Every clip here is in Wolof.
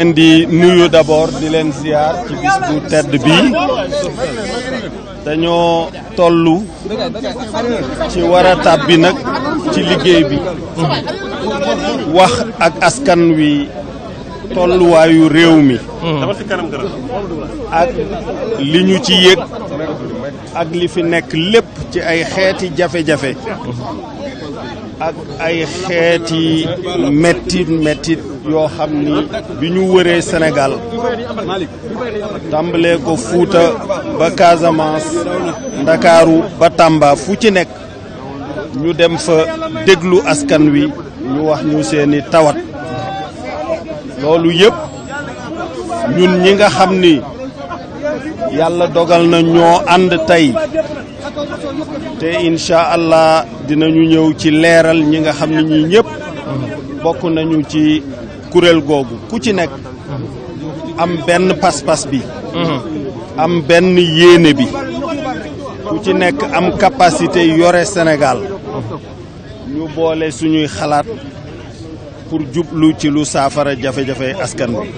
leen di nuyu d'abord di leen ziar ci bis tedd bi dañoo tollu ci war a tàbbi nag ci liggéey bi wax ak askan wi tolluwaayu réew mi ak li ñu ci yëg ak li fi nekk lépp ci ay xeeti jafe-jafe ak ay xeeti mettit mettit yoo xam ni bi ñu wëree Sénégal tàmbalee ko Fuuta ba Casamance Ndakaaru ba Tàmba fu ci nekk ñu dem fa déglu askan wi ñu wax ñu seeni tawat loolu yépp ñun ñi nga xam ni yàlla dogal na ñoo ànd tey te incha allah dinañu ñëw ci leeral ñi nga xam ne ñi ñëpp bokk nañu ci kuréel googu ku ci nekk am benn pas-pas bi am benn yéene bi ku ci nekk am capacité yore Sénégal ñu boole suñuy xalaat pour jublu ci lu saafara jafe-jafe askan bi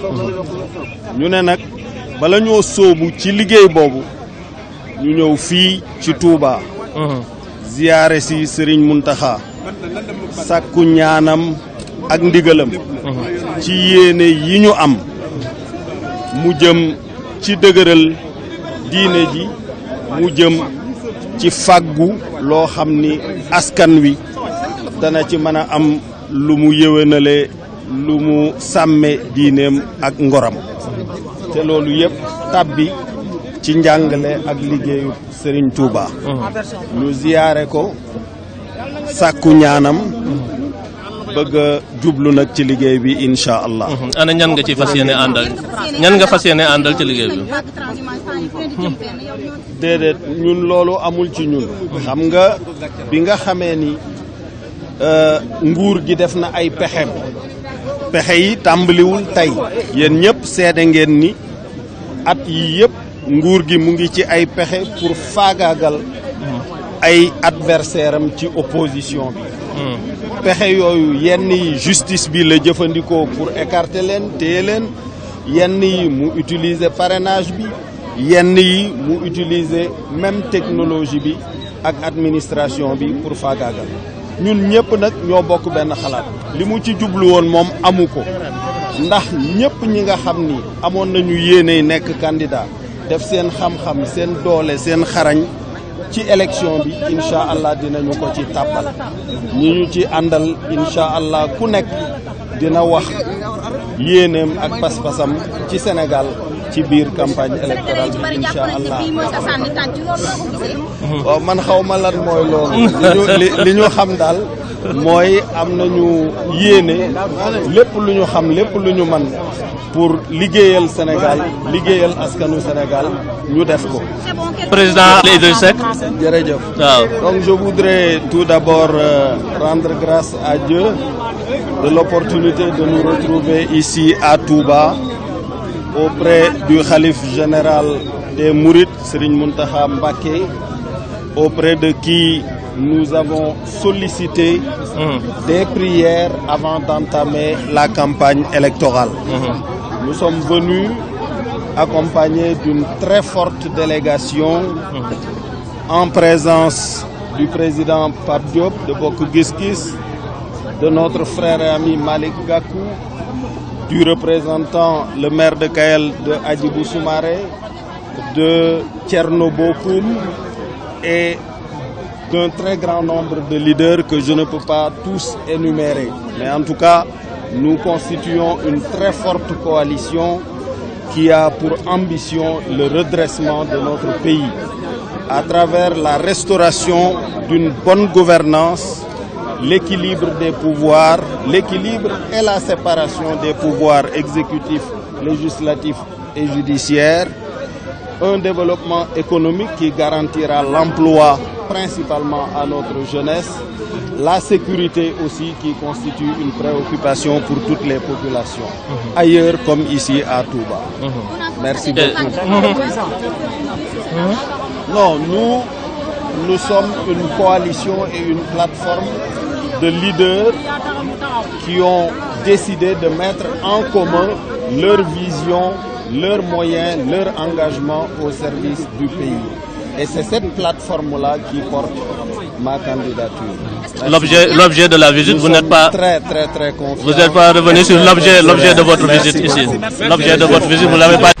ñu ne nag bala ñoo sóobu ci liggéey boobu ñu ñëw fii ci Touba. Uh-huh. ziyaare si Serigne Mountakha sàkku ñaanam ak ndigalam uh-huh. ci yéene yi ñu am mu jëm ci dëgëral diine ji mu jëm ci fàggu loo xam ni askan wi dana ci mën a am lu mu yéwénale lu mu sàmme diineem ak ngoram te loolu yëpp tàbbi ci njàngale ak liggéeyu Serigne Touba. ñu ziyaare ko sàkku ñaanam. bëgg jublu nag ci liggéey bi incha allah. Mhm. ñan nga ci fas yéene àndal ñan nga fas yéene àndal ci liggéey bi. déedéet ñun loolu amul ci ñun. xam nga bi nga xamee ni euh, nguur gi def na ay pexem pexe yi tàmbaliwul tey. yéen ñëpp seede ngeen ni at yi yëpp nguur gi mu ngi ci ay pexe pour faagaagal ay adversaire am ci opposition bi hmm. pexe yooyu yenn yi justice bi la jëfandikoo pour écarter leen téye leen yenn yi mu utiliser parenage bi yenn yi mu utiliser même technologie bi ak administration bi pour faagaagal ñun ñëpp nag ñoo bokk benn xalaat li mu ci jublu woon moom amu ko ndax ñëpp ñi nga xam ni amoon nañu yéeney nekk candidat def seen xam-xam seen doole seen xarañ ci élection bi incha allah dinañu ko ci tàppal ñu ñu ci àndal incha allah ku nekk dina wax yéeneem ak pas-pasam ci senegal ci biir campagne électorale bi incha allah waaw man xaw ma mooy loolu li ñu xam daal mooy am nañu yéene lépp lu ñu xam lépp lu ñu man pour liggéeyal Sénégal liggéeyal askanu Sénégal ñu def ko. président Idrissa Seck. jërëjëf waaw donc je voudrais tout d'abord euh, rendre grâce à Dieu de l'opportunité de nous retrouver ici à Touba auprès du khalife général des Mourides Serigne Mountakha Mbacké auprès de qui nous avons sollicité mhm. des prières avant d'entamer la campagne électorale. Mmh. Nous sommes venus accompagnés d'une très forte délégation mhm. en présence du président Pape Diop de Bokk de notre frère et ami Malick Gakou, du représentant le maire de Kaël de Hadjibou de Thierno qu'un très grand nombre de leaders que je ne peux pas tous énumérer. Mais en tout cas, nous constituons une très forte coalition qui a pour ambition le redressement de notre pays à travers la restauration d'une bonne gouvernance, l'équilibre des pouvoirs, l'équilibre et la séparation des pouvoirs exécutifs, législatifs et judiciaires, un développement économique qui garantira l'emploi principalement à notre jeunesse, la sécurité aussi qui constitue une préoccupation pour toutes les populations, mm -hmm. ailleurs comme ici à tout Mm -hmm. Merci euh, beaucoup. Mhm. Non, nous, nous sommes une coalition et une plateforme de leaders qui ont décidé de mettre en commun leur vision, leurs moyens, leur engagement au service du pays. Et c'est cette plateforme-là qui porte ma candidature. L'objet, de la visite, Nous vous n'êtes pas très, très, très Vous n'êtes pas revenu sur l'objet, de votre visite ici. L'objet de votre visite, vous l'avez pas.